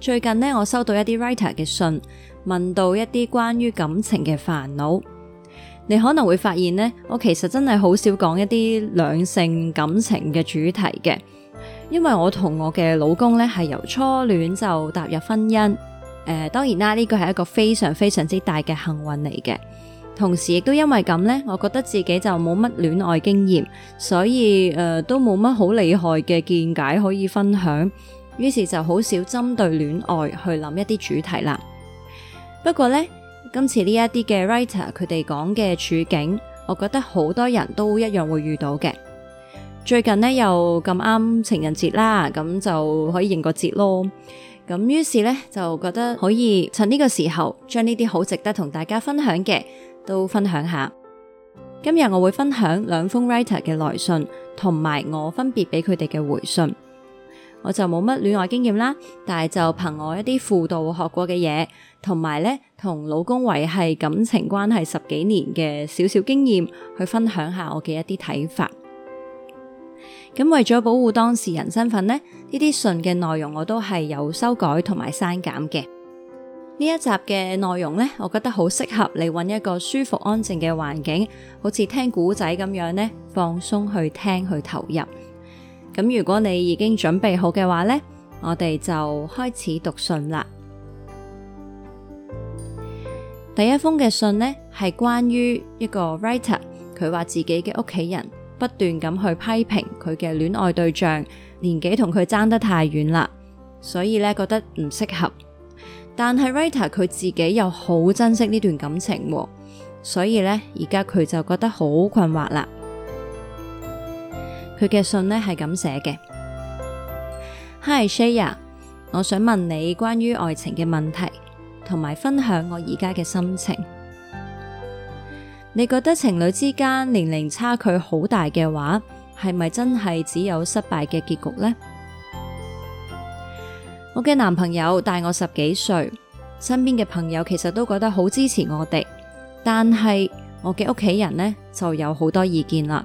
最近呢，我收到一啲 writer 嘅信，問到一啲關於感情嘅煩惱。你可能會發現呢，我其實真係好少講一啲兩性感情嘅主題嘅，因為我同我嘅老公呢，係由初戀就踏入婚姻。誒、呃，當然啦，呢個係一個非常非常之大嘅幸運嚟嘅。同時亦都因為咁呢，我覺得自己就冇乜戀愛經驗，所以誒、呃、都冇乜好厲害嘅見解可以分享。於是就好少針對戀愛去諗一啲主題啦。不過呢，今次呢一啲嘅 writer 佢哋講嘅處境，我覺得好多人都一樣會遇到嘅。最近呢，又咁啱情人節啦，咁就可以迎個節咯。咁於是呢，就覺得可以趁呢個時候將呢啲好值得同大家分享嘅都分享下。今日我會分享兩封 writer 嘅來信，同埋我分別俾佢哋嘅回信。我就冇乜戀愛經驗啦，但係就憑我一啲輔導學過嘅嘢，同埋咧同老公維繫感情關係十幾年嘅少少經驗，去分享下我嘅一啲睇法。咁為咗保護當事人身份咧，呢啲信嘅內容我都係有修改同埋刪減嘅。呢一集嘅內容呢，我覺得好適合你揾一個舒服安靜嘅環境，好似聽古仔咁樣呢，放鬆去聽去投入。咁如果你已經準備好嘅話呢，我哋就開始讀信啦。第一封嘅信呢，係關於一個 writer，佢話自己嘅屋企人不斷咁去批評佢嘅戀愛對象年紀同佢爭得太遠啦，所以呢覺得唔適合。但係 writer 佢自己又好珍惜呢段感情，所以呢而家佢就覺得好困惑啦。佢嘅信呢係咁寫嘅：Hi Shaya，我想問你關於愛情嘅問題，同埋分享我而家嘅心情。你覺得情侶之間年齡差距好大嘅話，係咪真係只有失敗嘅結局呢？我嘅男朋友大我十幾歲，身邊嘅朋友其實都覺得好支持我哋，但係我嘅屋企人呢，就有好多意見啦。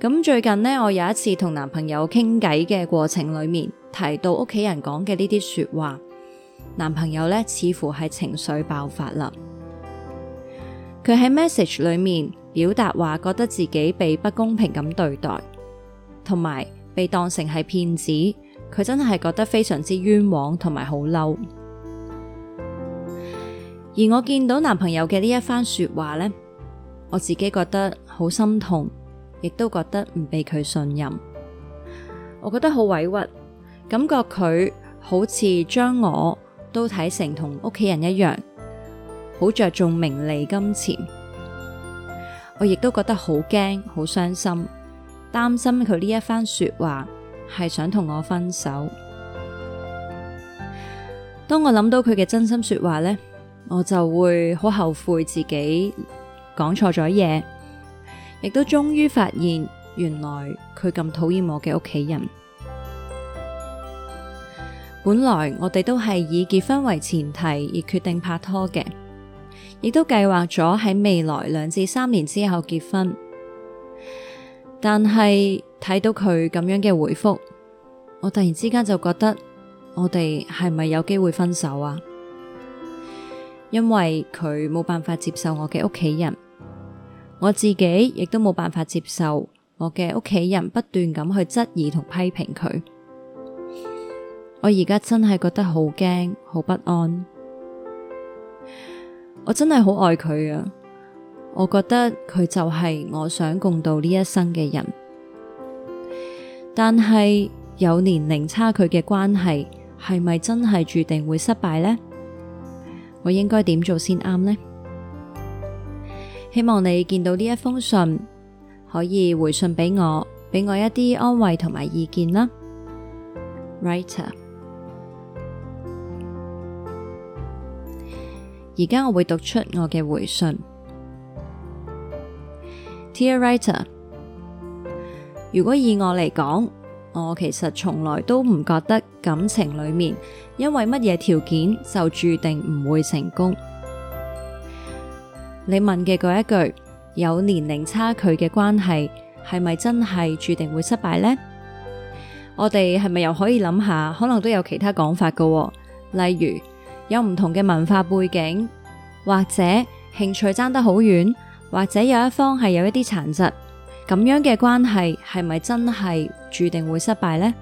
咁最近呢，我有一次同男朋友傾偈嘅過程裡面，提到屋企人講嘅呢啲說話，男朋友呢，似乎係情緒爆發啦。佢喺 message 裡面表達話，覺得自己被不公平咁對待，同埋被當成係騙子，佢真係覺得非常之冤枉，同埋好嬲。而我見到男朋友嘅呢一番說話呢，我自己覺得好心痛。亦都覺得唔俾佢信任，我覺得好委屈，感覺佢好似將我都睇成同屋企人一樣，好着重名利金錢。我亦都覺得好驚、好傷心，擔心佢呢一番說話係想同我分手。當我諗到佢嘅真心說話呢，我就會好後悔自己講錯咗嘢。亦都終於發現，原來佢咁討厭我嘅屋企人。本來我哋都係以結婚為前提而決定拍拖嘅，亦都計劃咗喺未來兩至三年之後結婚。但係睇到佢咁樣嘅回覆，我突然之間就覺得我哋係咪有機會分手啊？因為佢冇辦法接受我嘅屋企人。我自己亦都冇辦法接受我嘅屋企人不斷咁去質疑同批評佢，我而家真係覺得好驚好不安，我真係好愛佢啊！我覺得佢就係我想共度呢一生嘅人，但係有年齡差距嘅關係，係咪真係注定會失敗呢？我應該點做先啱呢？希望你見到呢一封信，可以回信俾我，俾我一啲安慰同埋意見啦。Writer，而家我會讀出我嘅回信。Dear Writer，如果以我嚟講，我其實從來都唔覺得感情裏面因為乜嘢條件就注定唔會成功。你問嘅嗰一句，有年齡差距嘅關係，係咪真係注定會失敗呢？我哋係咪又可以諗下，可能都有其他講法㗎喎。例如有唔同嘅文化背景，或者興趣爭得好遠，或者有一方係有一啲殘疾，咁樣嘅關係係咪真係注定會失敗呢？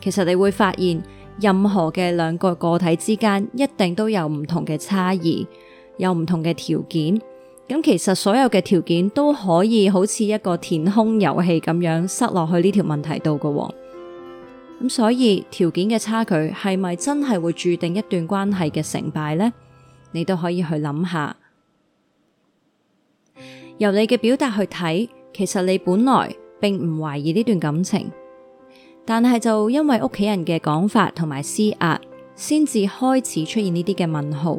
其實你會發現，任何嘅兩個個體之間，一定都有唔同嘅差異。有唔同嘅條件，咁其實所有嘅條件都可以好似一個填空遊戲咁樣塞落去呢條問題度㗎喎。咁所以條件嘅差距係咪真係會注定一段關係嘅成敗呢？你都可以去諗下。由你嘅表達去睇，其實你本來並唔懷疑呢段感情，但係就因為屋企人嘅講法同埋施壓，先至開始出現呢啲嘅問號。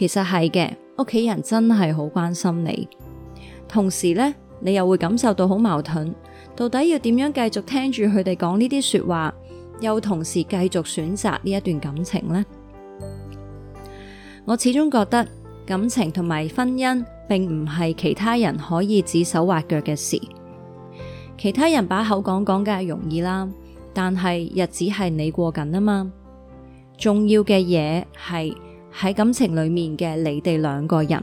其實係嘅，屋企人真係好關心你。同時呢，你又會感受到好矛盾，到底要點樣繼續聽住佢哋講呢啲說話，又同時繼續選擇呢一段感情呢？我始終覺得感情同埋婚姻，並唔係其他人可以指手畫腳嘅事。其他人把口講講，梗係容易啦。但係日子係你過緊啊嘛，重要嘅嘢係。喺感情裏面嘅你哋兩個人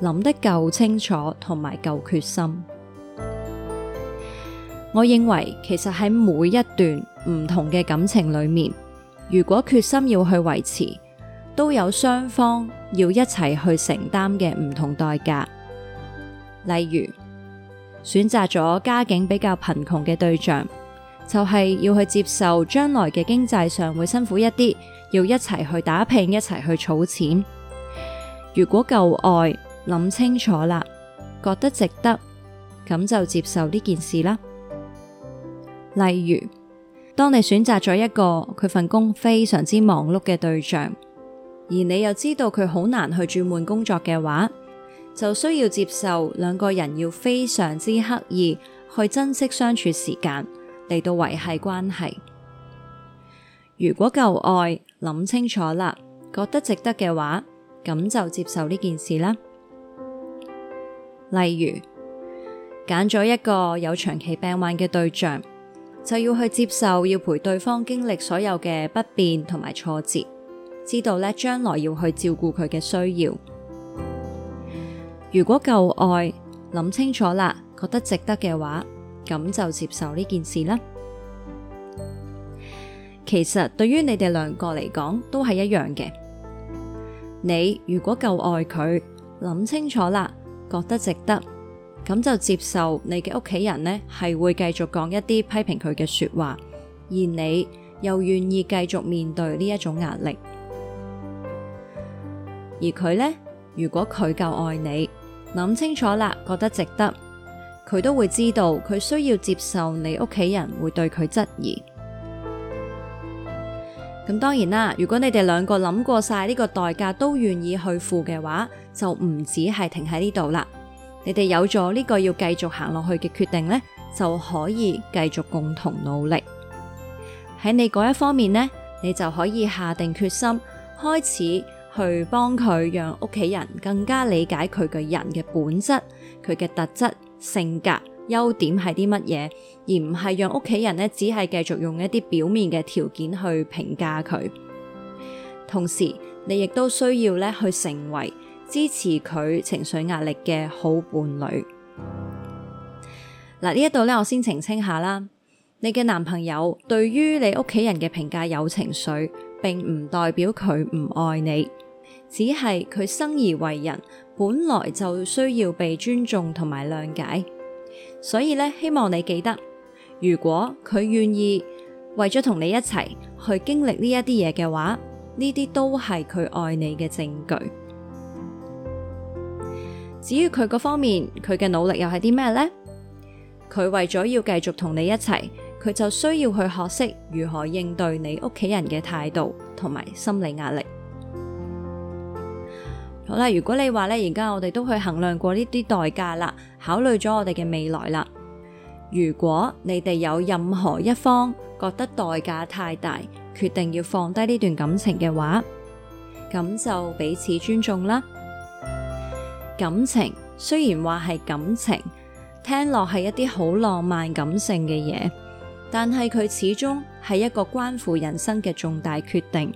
諗得夠清楚同埋夠決心，我認為其實喺每一段唔同嘅感情裏面，如果決心要去維持，都有雙方要一齊去承擔嘅唔同代價。例如選擇咗家境比較貧窮嘅對象，就係要去接受將來嘅經濟上會辛苦一啲。要一齊去打拼，一齊去儲錢。如果夠愛，諗清楚啦，覺得值得，咁就接受呢件事啦。例如，當你選擇咗一個佢份工非常之忙碌嘅對象，而你又知道佢好難去轉換工作嘅話，就需要接受兩個人要非常之刻意去珍惜相處時間嚟到維繫關係。如果夠愛。諗清楚啦，覺得值得嘅話，咁就接受呢件事啦。例如，揀咗一個有長期病患嘅對象，就要去接受要陪對方經歷所有嘅不便同埋挫折，知道呢將來要去照顧佢嘅需要。如果夠愛，諗清楚啦，覺得值得嘅話，咁就接受呢件事啦。其實對於你哋兩個嚟講都係一樣嘅。你如果夠愛佢，諗清楚啦，覺得值得，咁就接受你嘅屋企人呢係會繼續講一啲批評佢嘅說話，而你又願意繼續面對呢一種壓力。而佢呢，如果佢夠愛你，諗清楚啦，覺得值得，佢都會知道佢需要接受你屋企人會對佢質疑。咁當然啦，如果你哋兩個諗過晒呢個代價，都願意去付嘅話，就唔止係停喺呢度啦。你哋有咗呢個要繼續行落去嘅決定呢，就可以繼續共同努力。喺你嗰一方面呢，你就可以下定決心，開始去幫佢，讓屋企人更加理解佢嘅人嘅本質，佢嘅特質、性格。優點係啲乜嘢，而唔係讓屋企人咧，只係繼續用一啲表面嘅條件去評價佢。同時，你亦都需要咧，去成為支持佢情緒壓力嘅好伴侶。嗱，呢一度咧，我先澄清下啦。你嘅男朋友對於你屋企人嘅評價有情緒，並唔代表佢唔愛你，只係佢生而為人，本來就需要被尊重同埋諒解。所以咧，希望你記得，如果佢願意為咗同你一齊去經歷呢一啲嘢嘅話，呢啲都係佢愛你嘅證據。至於佢嗰方面，佢嘅努力又係啲咩呢？佢為咗要繼續同你一齊，佢就需要去學識如何應對你屋企人嘅態度同埋心理壓力。好啦，如果你話咧，而家我哋都去衡量過呢啲代價啦，考慮咗我哋嘅未來啦。如果你哋有任何一方覺得代價太大，決定要放低呢段感情嘅話，咁就彼此尊重啦。感情雖然話係感情，聽落係一啲好浪漫感性嘅嘢，但係佢始終係一個關乎人生嘅重大決定。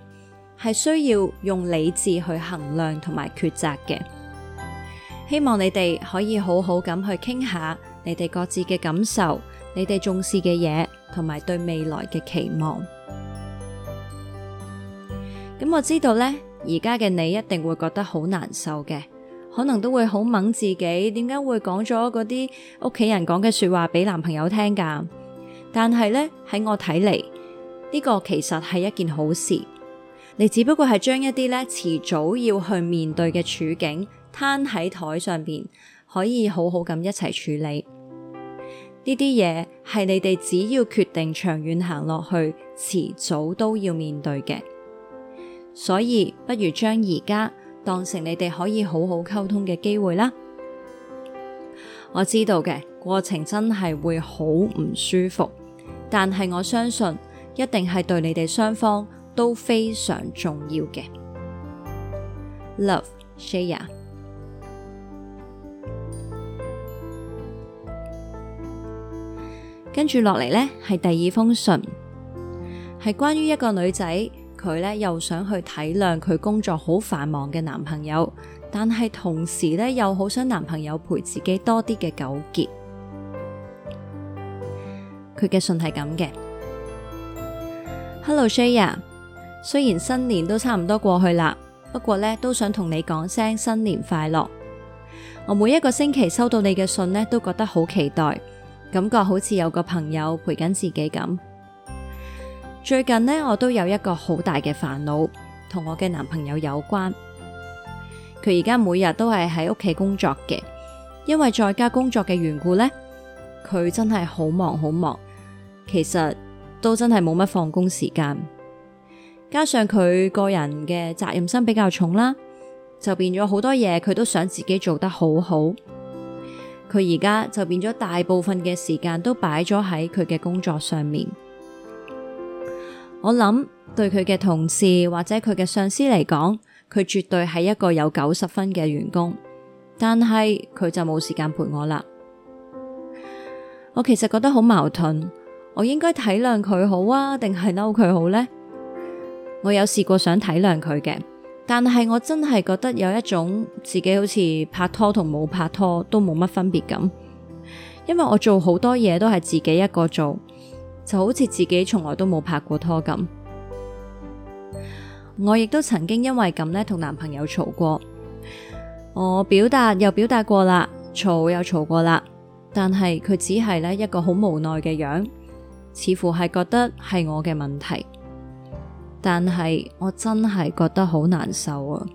係需要用理智去衡量同埋抉擇嘅。希望你哋可以好好咁去傾下，你哋各自嘅感受，你哋重視嘅嘢，同埋對未來嘅期望。咁我知道呢，而家嘅你一定會覺得好難受嘅，可能都會好懵自己，點解會講咗嗰啲屋企人講嘅說話俾男朋友聽噶？但係呢，喺我睇嚟，呢個其實係一件好事。你只不過係將一啲咧遲早要去面對嘅處境攤喺台上面，可以好好咁一齊處理。呢啲嘢，係你哋只要決定長遠行落去，遲早都要面對嘅。所以不如將而家當成你哋可以好好溝通嘅機會啦。我知道嘅過程真係會好唔舒服，但係我相信一定係對你哋雙方都非常重要嘅。Love，Shaya。跟住落嚟呢係第二封信，係關於一個女仔，佢呢又想去體諒佢工作好繁忙嘅男朋友，但係同時呢又好想男朋友陪自己多啲嘅糾結。佢嘅信係咁嘅。Hello，Shaya。雖然新年都差唔多過去啦，不過咧，都想同你講聲新年快樂。我每一個星期收到你嘅信呢，都覺得好期待，感覺好似有個朋友陪緊自己咁。最近呢，我都有一個好大嘅煩惱，同我嘅男朋友有關。佢而家每日都係喺屋企工作嘅，因為在家工作嘅緣故呢，佢真係好忙好忙，其實都真係冇乜放工時間。加上佢個人嘅責任心比較重啦，就變咗好多嘢佢都想自己做得好好。佢而家就變咗大部分嘅時間都擺咗喺佢嘅工作上面。我諗對佢嘅同事或者佢嘅上司嚟講，佢絕對係一個有九十分嘅員工，但係佢就冇時間陪我啦。我其實覺得好矛盾，我應該體諒佢好啊，定係嬲佢好呢？我有試過想體諒佢嘅，但係我真係覺得有一種自己好似拍拖同冇拍拖都冇乜分別咁，因為我做好多嘢都係自己一個做，就好似自己從來都冇拍過拖咁。我亦都曾經因為咁咧同男朋友嘈過，我表達又表達過啦，吵又吵過啦，但係佢只係咧一個好無奈嘅樣，似乎係覺得係我嘅問題。但係我真係覺得好難受啊！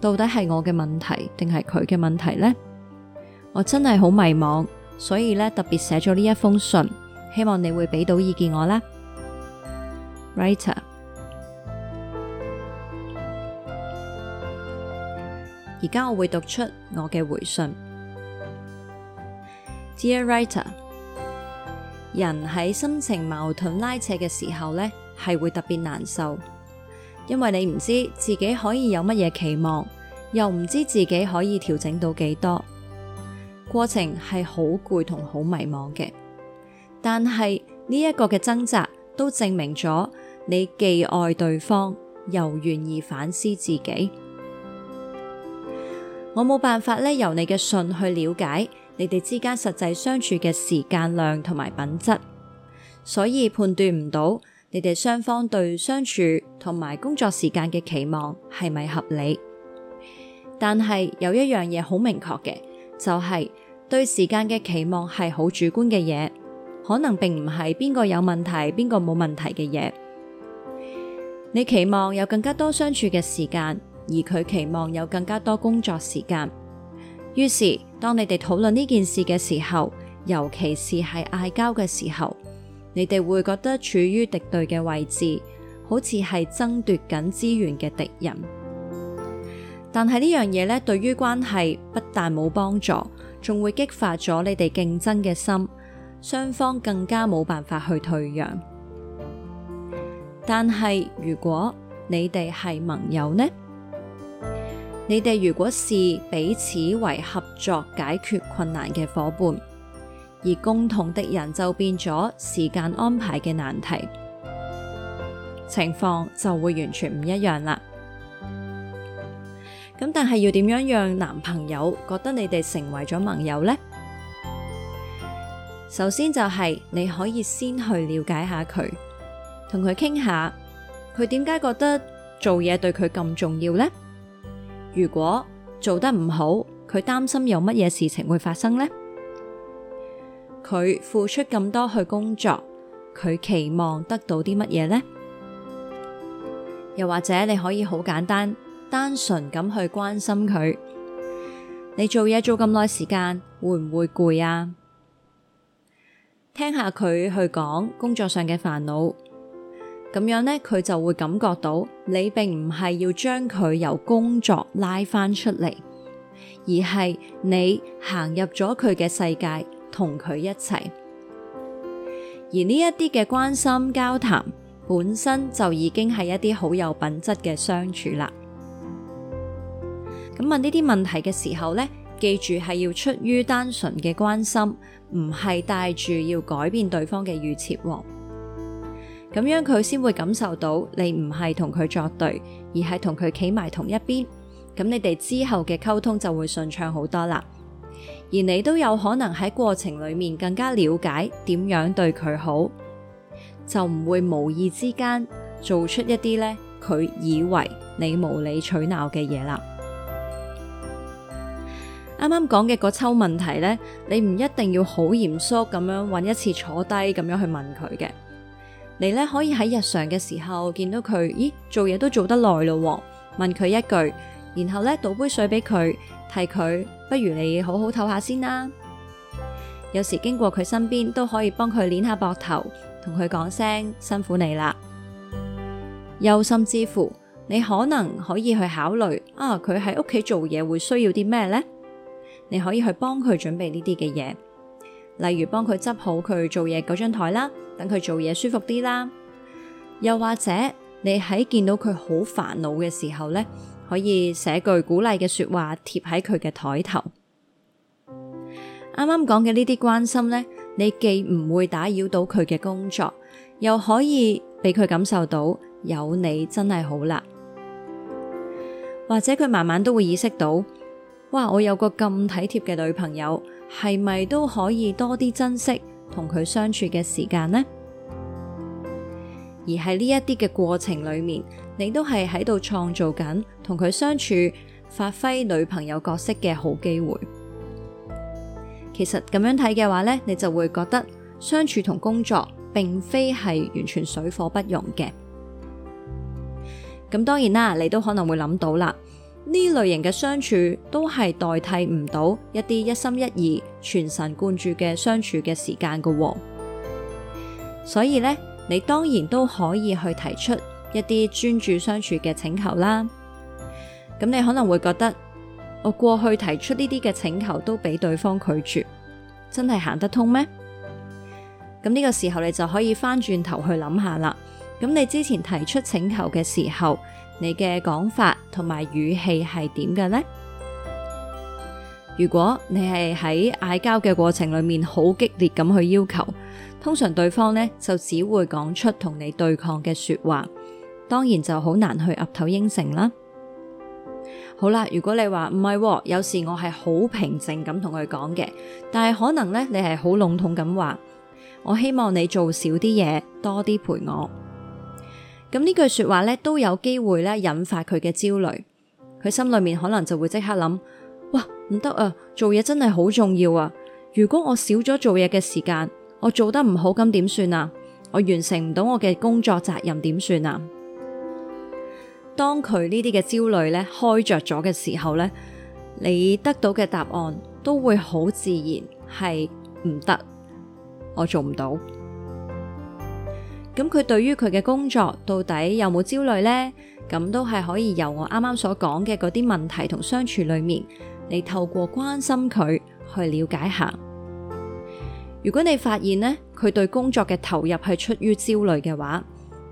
到底係我嘅問題定係佢嘅問題呢？我真係好迷惘，所以咧特別寫咗呢一封信，希望你會俾到意見我啦。Writer，而家我會讀出我嘅回信。Dear Writer，人喺心情矛盾拉扯嘅時候咧。係會特別難受，因為你唔知自己可以有乜嘢期望，又唔知自己可以調整到幾多，過程係好攰同好迷茫嘅。但係呢一個嘅掙扎，都證明咗你既愛對方，又願意反思自己。我冇辦法咧，由你嘅信去了解你哋之間實際相處嘅時間量同埋品質，所以判斷唔到。你哋雙方對相處同埋工作時間嘅期望係咪合理？但係有一樣嘢好明確嘅，就係、是、對時間嘅期望係好主觀嘅嘢，可能並唔係邊個有問題，邊個冇問題嘅嘢。你期望有更加多相處嘅時間，而佢期望有更加多工作時間。於是，當你哋討論呢件事嘅時候，尤其是係嗌交嘅時候。你哋會覺得處於敵對嘅位置，好似係爭奪緊資源嘅敵人。但係呢樣嘢呢，對於關係不但冇幫助，仲會激發咗你哋競爭嘅心，雙方更加冇辦法去退讓。但係如果你哋係盟友呢？你哋如果視彼此為合作解決困難嘅伙伴。而共同的人就變咗時間安排嘅難題，情況就會完全唔一樣啦。咁但係要點樣讓男朋友覺得你哋成為咗盟友呢？首先就係你可以先去了解下佢，同佢傾下，佢點解覺得做嘢對佢咁重要呢？如果做得唔好，佢擔心有乜嘢事情會發生呢？佢付出咁多去工作，佢期望得到啲乜嘢呢？又或者你可以好簡單，單純咁去關心佢。你做嘢做咁耐時間，會唔會攰啊？聽下佢去講工作上嘅煩惱，咁樣呢，佢就會感覺到你並唔係要將佢由工作拉翻出嚟，而係你行入咗佢嘅世界。同佢一齊，而呢一啲嘅關心交談，本身就已經係一啲好有品質嘅相處啦。咁問呢啲問題嘅時候呢，記住係要出於單純嘅關心，唔係帶住要改變對方嘅預設。咁樣佢先會感受到你唔係同佢作對，而係同佢企埋同一邊。咁你哋之後嘅溝通就會順暢好多啦。而你都有可能喺過程裏面更加了解點樣對佢好，就唔會無意之間做出一啲咧佢以為你無理取鬧嘅嘢啦。啱啱講嘅嗰抽問題咧，你唔一定要好嚴肅咁樣揾一次坐低咁樣去問佢嘅，你咧可以喺日常嘅時候見到佢，咦，做嘢都做得耐咯，哦，問佢一句，然後咧倒杯水俾佢，替佢，不如你好好唞下先啦。有時經過佢身邊都可以幫佢捏下膊頭，同佢講聲辛苦你啦。又甚至乎，你可能可以去考慮啊，佢喺屋企做嘢會需要啲咩呢？你可以去幫佢準備呢啲嘅嘢，例如幫佢執好佢做嘢嗰張台啦，等佢做嘢舒服啲啦。又或者你喺見到佢好煩惱嘅時候呢，可以寫句鼓勵嘅說話貼喺佢嘅台頭。啱啱講嘅呢啲關心呢，你既唔會打擾到佢嘅工作，又可以俾佢感受到有你真係好啦。或者佢慢慢都會意識到，哇，我有個咁體貼嘅女朋友，係咪都可以多啲珍惜同佢相處嘅時間呢？而喺呢一啲嘅過程裏面，你都係喺度創造緊同佢相處、發揮女朋友角色嘅好機會。其實咁樣睇嘅話呢，你就會覺得相處同工作並非係完全水火不容嘅。咁當然啦，你都可能會諗到啦，呢類型嘅相處都係代替唔到一啲一心一意、全神貫注嘅相處嘅時間㗎喎。所以呢。你當然都可以去提出一啲專注相處嘅請求啦。咁你可能會覺得，我過去提出呢啲嘅請求都俾對方拒絕，真係行得通咩？咁呢個時候你就可以翻轉頭去諗下啦。咁你之前提出請求嘅時候，你嘅講法同埋語氣係點嘅呢？如果你係喺嗌交嘅過程裏面好激烈咁去要求。通常對方咧就只會講出同你對抗嘅說話，當然就好難去岌頭應承啦。好啦，如果你話唔係，有時我係好平靜咁同佢講嘅，但係可能咧你係好籠統咁話，我希望你做少啲嘢，多啲陪我。咁呢句說話咧都有機會咧引發佢嘅焦慮，佢心裏面可能就會即刻諗：哇，唔得啊，做嘢真係好重要啊！如果我少咗做嘢嘅時間，我做得唔好咁點算啊？我完成唔到我嘅工作責任點算啊？當佢呢啲嘅焦慮咧開着咗嘅時候咧，你得到嘅答案都會好自然係唔得，我做唔到。咁佢對於佢嘅工作到底有冇焦慮呢？咁都係可以由我啱啱所講嘅嗰啲問題同相處裏面，你透過關心佢去了解下。如果你發現咧，佢對工作嘅投入係出於焦慮嘅話，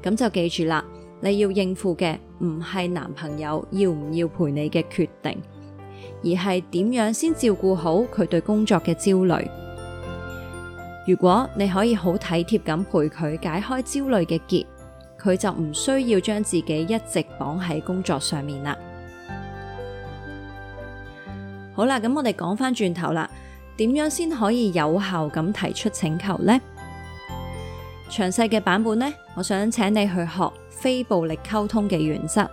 咁就記住啦，你要應付嘅唔係男朋友要唔要陪你嘅決定，而係點樣先照顧好佢對工作嘅焦慮。如果你可以好體貼咁陪佢解開焦慮嘅結，佢就唔需要將自己一直綁喺工作上面啦。好啦，咁我哋講返轉頭啦。點樣先可以有效咁提出請求呢？詳細嘅版本呢？我想請你去學非暴力溝通嘅原則。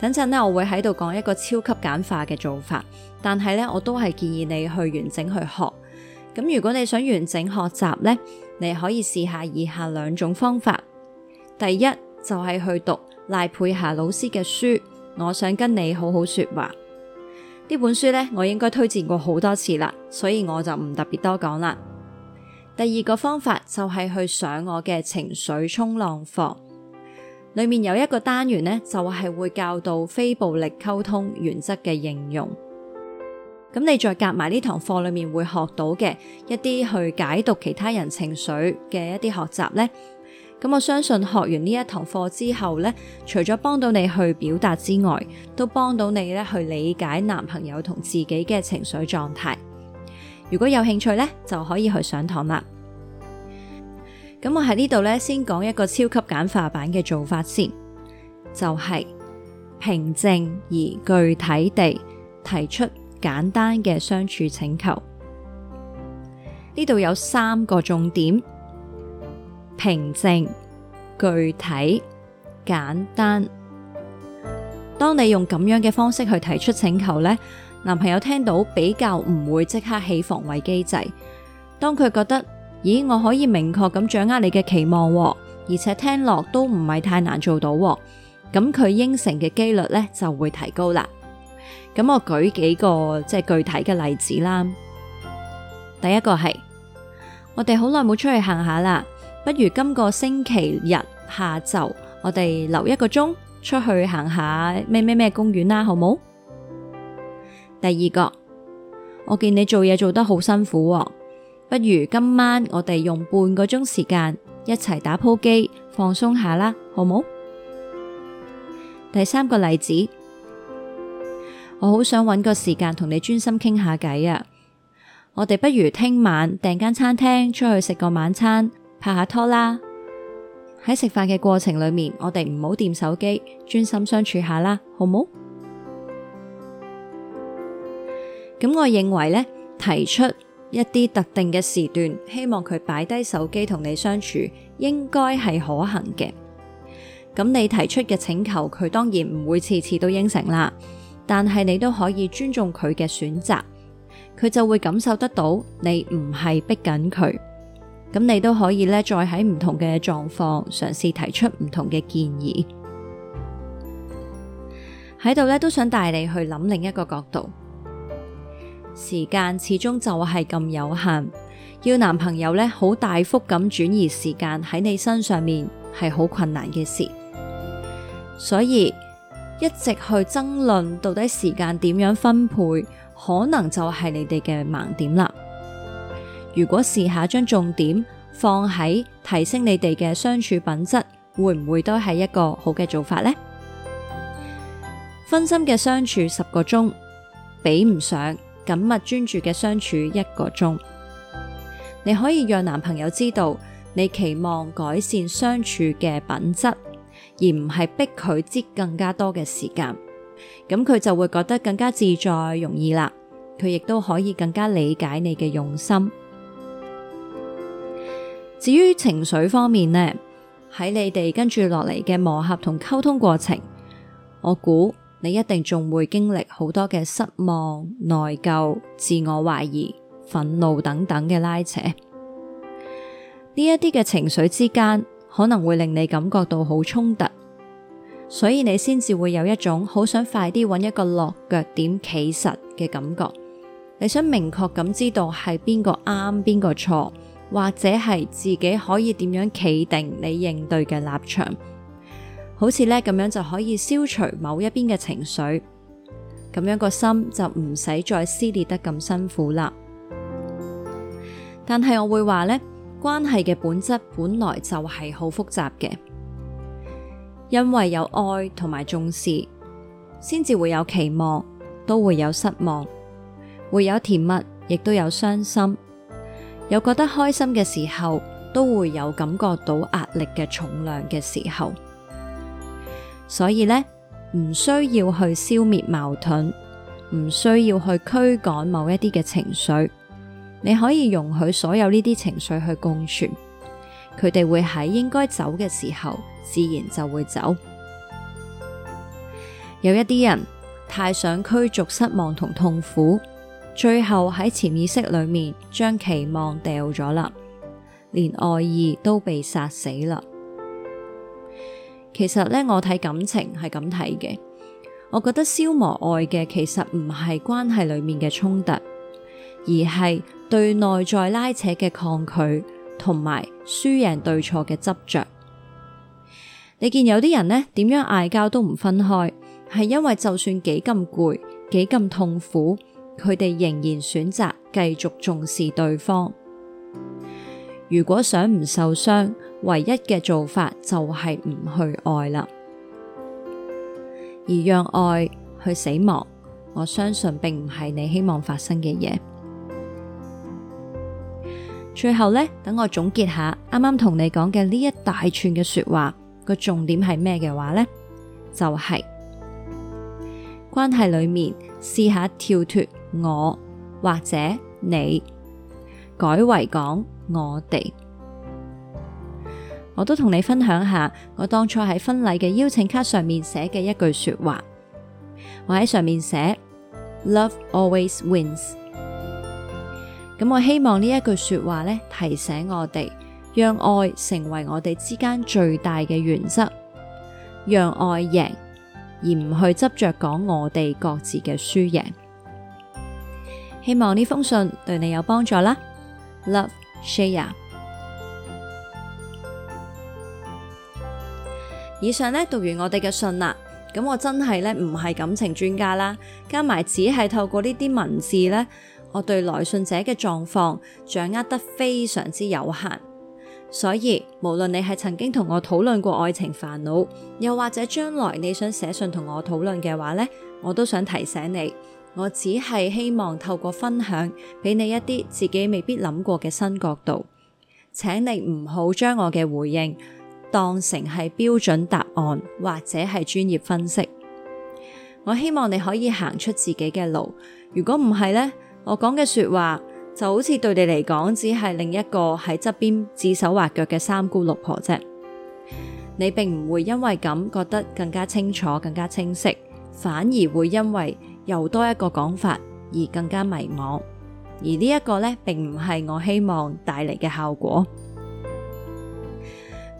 等陣呢，我會喺度講一個超級簡化嘅做法，但係呢，我都係建議你去完整去學。咁如果你想完整學習呢，你可以試下以下兩種方法。第一就係去讀賴佩霞老師嘅書，我想跟你好好說話。呢本書咧，我應該推薦過好多次啦，所以我就唔特別多講啦。第二個方法就係去上我嘅情緒衝浪課，裏面有一個單元呢，就係會教導非暴力溝通原則嘅應用。咁你再夾埋呢堂課裏面會學到嘅一啲去解讀其他人情緒嘅一啲學習呢。咁我相信學完呢一堂課之後呢，除咗幫到你去表達之外，都幫到你咧去理解男朋友同自己嘅情緒狀態。如果有興趣呢，就可以去上堂啦。咁我喺呢度呢，先講一個超級簡化版嘅做法先，就係平靜而具體地提出簡單嘅相處請求。呢度有三個重點。平靜、具體、簡單。當你用咁樣嘅方式去提出請求呢，男朋友聽到比較唔會即刻起防衛機制。當佢覺得，咦，我可以明確咁掌握你嘅期望，而且聽落都唔係太難做到，咁佢應承嘅幾率呢就會提高啦。咁我舉幾個即係具體嘅例子啦。第一個係，我哋好耐冇出去行下啦。不如今個星期日下晝，我哋留一個鐘出去行下咩咩咩公園啦，好冇？第二個，我見你做嘢做得好辛苦喎，不如今晚我哋用半個鐘時間一齊打鋪機放鬆下啦，好冇？第三個例子，我好想搵個時間同你專心傾下偈啊。我哋不如聽晚訂間餐廳出去食個晚餐。拍下拖啦！喺食飯嘅過程裏面，我哋唔好掂手機，專心相處下啦，好冇？好？咁 我認為咧，提出一啲特定嘅時段，希望佢擺低手機同你相處，應該係可行嘅。咁你提出嘅請求，佢當然唔會次次都應承啦，但係你都可以尊重佢嘅選擇，佢就會感受得到你唔係逼緊佢。咁你都可以咧，再喺唔同嘅狀況嘗試提出唔同嘅建議，喺度咧都想帶你去諗另一個角度。時間始終就係咁有限，要男朋友咧好大幅咁轉移時間喺你身上面係好困難嘅事，所以一直去爭論到底時間點樣分配，可能就係你哋嘅盲點啦。如果試下將重點放喺提升你哋嘅相處品質，會唔會都係一個好嘅做法呢？分心嘅相處十個鐘，比唔上緊密專注嘅相處一個鐘。你可以讓男朋友知道你期望改善相處嘅品質，而唔係逼佢擠更加多嘅時間。咁佢就會覺得更加自在，容易啦。佢亦都可以更加理解你嘅用心。至於情緒方面呢，喺你哋跟住落嚟嘅磨合同溝通過程，我估你一定仲會經歷好多嘅失望、內疚、自我懷疑、憤怒等等嘅拉扯。呢一啲嘅情緒之間，可能會令你感覺到好衝突，所以你先至會有一種好想快啲揾一個落腳點企實嘅感覺。你想明確咁知道係邊個啱邊個錯。或者係自己可以點樣企定你應對嘅立場，好似咧咁樣就可以消除某一邊嘅情緒，咁樣個心就唔使再撕裂得咁辛苦啦。但係我會話咧，關係嘅本質本來就係好複雜嘅，因為有愛同埋重視，先至會有期望，都會有失望，會有甜蜜，亦都有傷心。有覺得開心嘅時候，都會有感覺到壓力嘅重量嘅時候，所以呢，唔需要去消滅矛盾，唔需要去驅趕某一啲嘅情緒，你可以容許所有呢啲情緒去共存，佢哋會喺應該走嘅時候，自然就會走。有一啲人太想驅逐失望同痛苦。最後喺潛意識裏面將期望掉咗啦，連愛意都被殺死啦。其實呢，我睇感情係咁睇嘅，我覺得消磨愛嘅其實唔係關係裏面嘅衝突，而係對內在拉扯嘅抗拒同埋輸贏對錯嘅執着。你見有啲人呢，點樣嗌交都唔分開，係因為就算幾咁攰，幾咁痛苦。佢哋仍然選擇繼續重視對方。如果想唔受傷，唯一嘅做法就係唔去愛啦。而讓愛去死亡，我相信並唔係你希望發生嘅嘢。最後呢，等我總結下啱啱同你講嘅呢一大串嘅說話，個重點係咩嘅話呢？就係、是、關係裡面試下跳脫。我或者你改為講我哋，我都同你分享下我當初喺婚禮嘅邀請卡上面寫嘅一句說話。我喺上面寫 Love always wins。咁我希望呢一句說話呢，提醒我哋讓愛成為我哋之間最大嘅原則，讓愛贏而唔去執着講我哋各自嘅輸贏。希望呢封信對你有幫助啦，Love Shaya。以上咧讀完我哋嘅信啦，咁我真係咧唔係感情專家啦，加埋只係透過呢啲文字咧，我對來信者嘅狀況掌握得非常之有限，所以無論你係曾經同我討論過愛情煩惱，又或者將來你想寫信同我討論嘅話咧，我都想提醒你。我只係希望透過分享，俾你一啲自己未必諗過嘅新角度，請你唔好將我嘅回應當成係標準答案或者係專業分析。我希望你可以行出自己嘅路。如果唔係呢，我講嘅說話就好似對你嚟講，只係另一個喺側邊指手畫腳嘅三姑六婆啫。你並唔會因為咁覺得更加清楚、更加清晰，反而會因為。又多一個講法，而更加迷茫。而呢一個呢，並唔係我希望帶嚟嘅效果。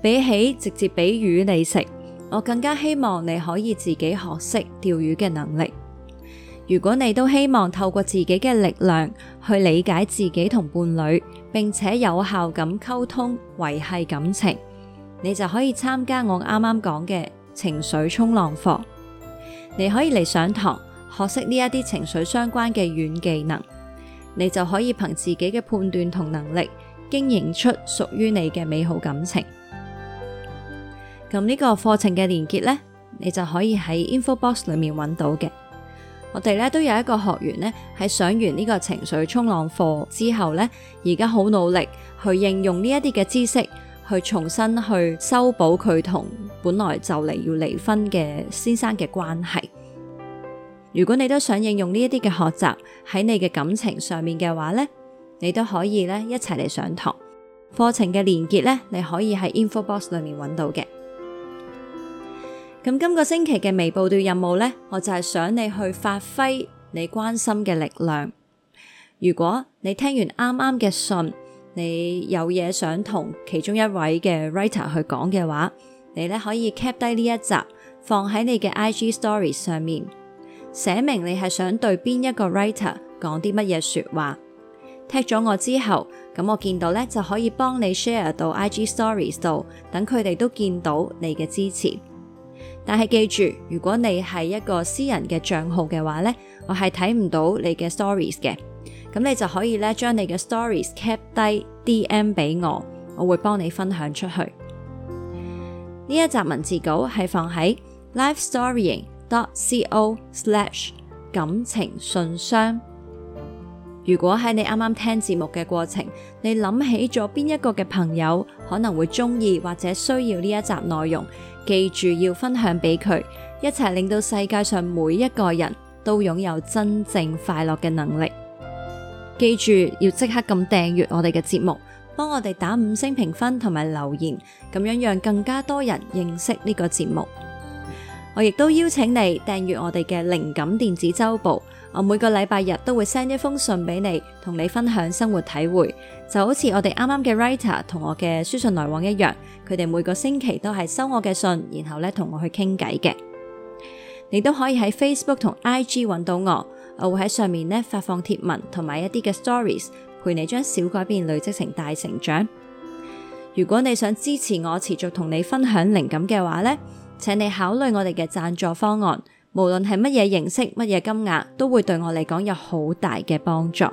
比起直接俾魚你食，我更加希望你可以自己學識釣魚嘅能力。如果你都希望透過自己嘅力量去理解自己同伴侶，並且有效咁溝通維繫感情，你就可以參加我啱啱講嘅情緒衝浪課。你可以嚟上堂。學識呢一啲情緒相關嘅軟技能，你就可以憑自己嘅判斷同能力經營出屬於你嘅美好感情。咁呢個課程嘅連結呢，你就可以喺 info box 裏面揾到嘅。我哋咧都有一個學員呢，喺上完呢個情緒衝浪課之後呢，而家好努力去應用呢一啲嘅知識去重新去修補佢同本來就嚟要離婚嘅先生嘅關係。如果你都想應用呢一啲嘅學習喺你嘅感情上面嘅話咧，你都可以咧一齊嚟上堂課，課程嘅連結咧，你可以喺 info box 裏面搵到嘅。咁今個星期嘅微報導任務咧，我就係想你去發揮你關心嘅力量。如果你聽完啱啱嘅信，你有嘢想同其中一位嘅 writer 去講嘅話，你咧可以 cap 低呢一集放喺你嘅 IG story 上面。寫明你係想對邊一個 writer 講啲乜嘢說話，踢咗我之後，咁我見到咧就可以幫你 share 到 IG Stories 度，等佢哋都見到你嘅支持。但係記住，如果你係一個私人嘅賬號嘅話咧，我係睇唔到你嘅 Stories 嘅，咁你就可以咧將你嘅 Stories keep 低 DM 俾我，我會幫你分享出去。呢一集文字稿係放喺 Life Storying。dot co/ 感情信箱。如果喺你啱啱聽節目嘅過程，你諗起咗邊一個嘅朋友可能會中意或者需要呢一集內容，記住要分享俾佢，一齊令到世界上每一個人都擁有真正快樂嘅能力。記住要即刻咁訂閱我哋嘅節目，幫我哋打五星評分同埋留言，咁樣讓更加多人認識呢個節目。我亦都邀請你訂閱我哋嘅靈感電子周報，我每個禮拜日都會 send 一封信俾你，同你分享生活體會，就好似我哋啱啱嘅 writer 同我嘅書信來往一樣，佢哋每個星期都係收我嘅信，然後咧同我去傾偈嘅。你都可以喺 Facebook 同 IG 揾到我，我會喺上面咧發放貼文同埋一啲嘅 Stories，陪你將小改變累積成大成長。如果你想支持我持續同你分享靈感嘅話咧，請你考慮我哋嘅贊助方案，無論係乜嘢形式，乜嘢金額，都會對我嚟講有好大嘅幫助。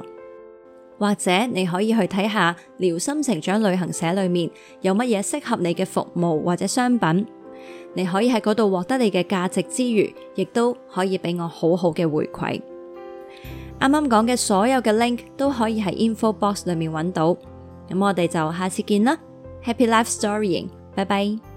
或者你可以去睇下療心成長旅行社裏面有乜嘢適合你嘅服務或者商品，你可以喺嗰度獲得你嘅價值之餘，亦都可以俾我好好嘅回饋。啱啱講嘅所有嘅 link 都可以喺 info box 裏面揾到，咁我哋就下次見啦。Happy life storying，拜拜。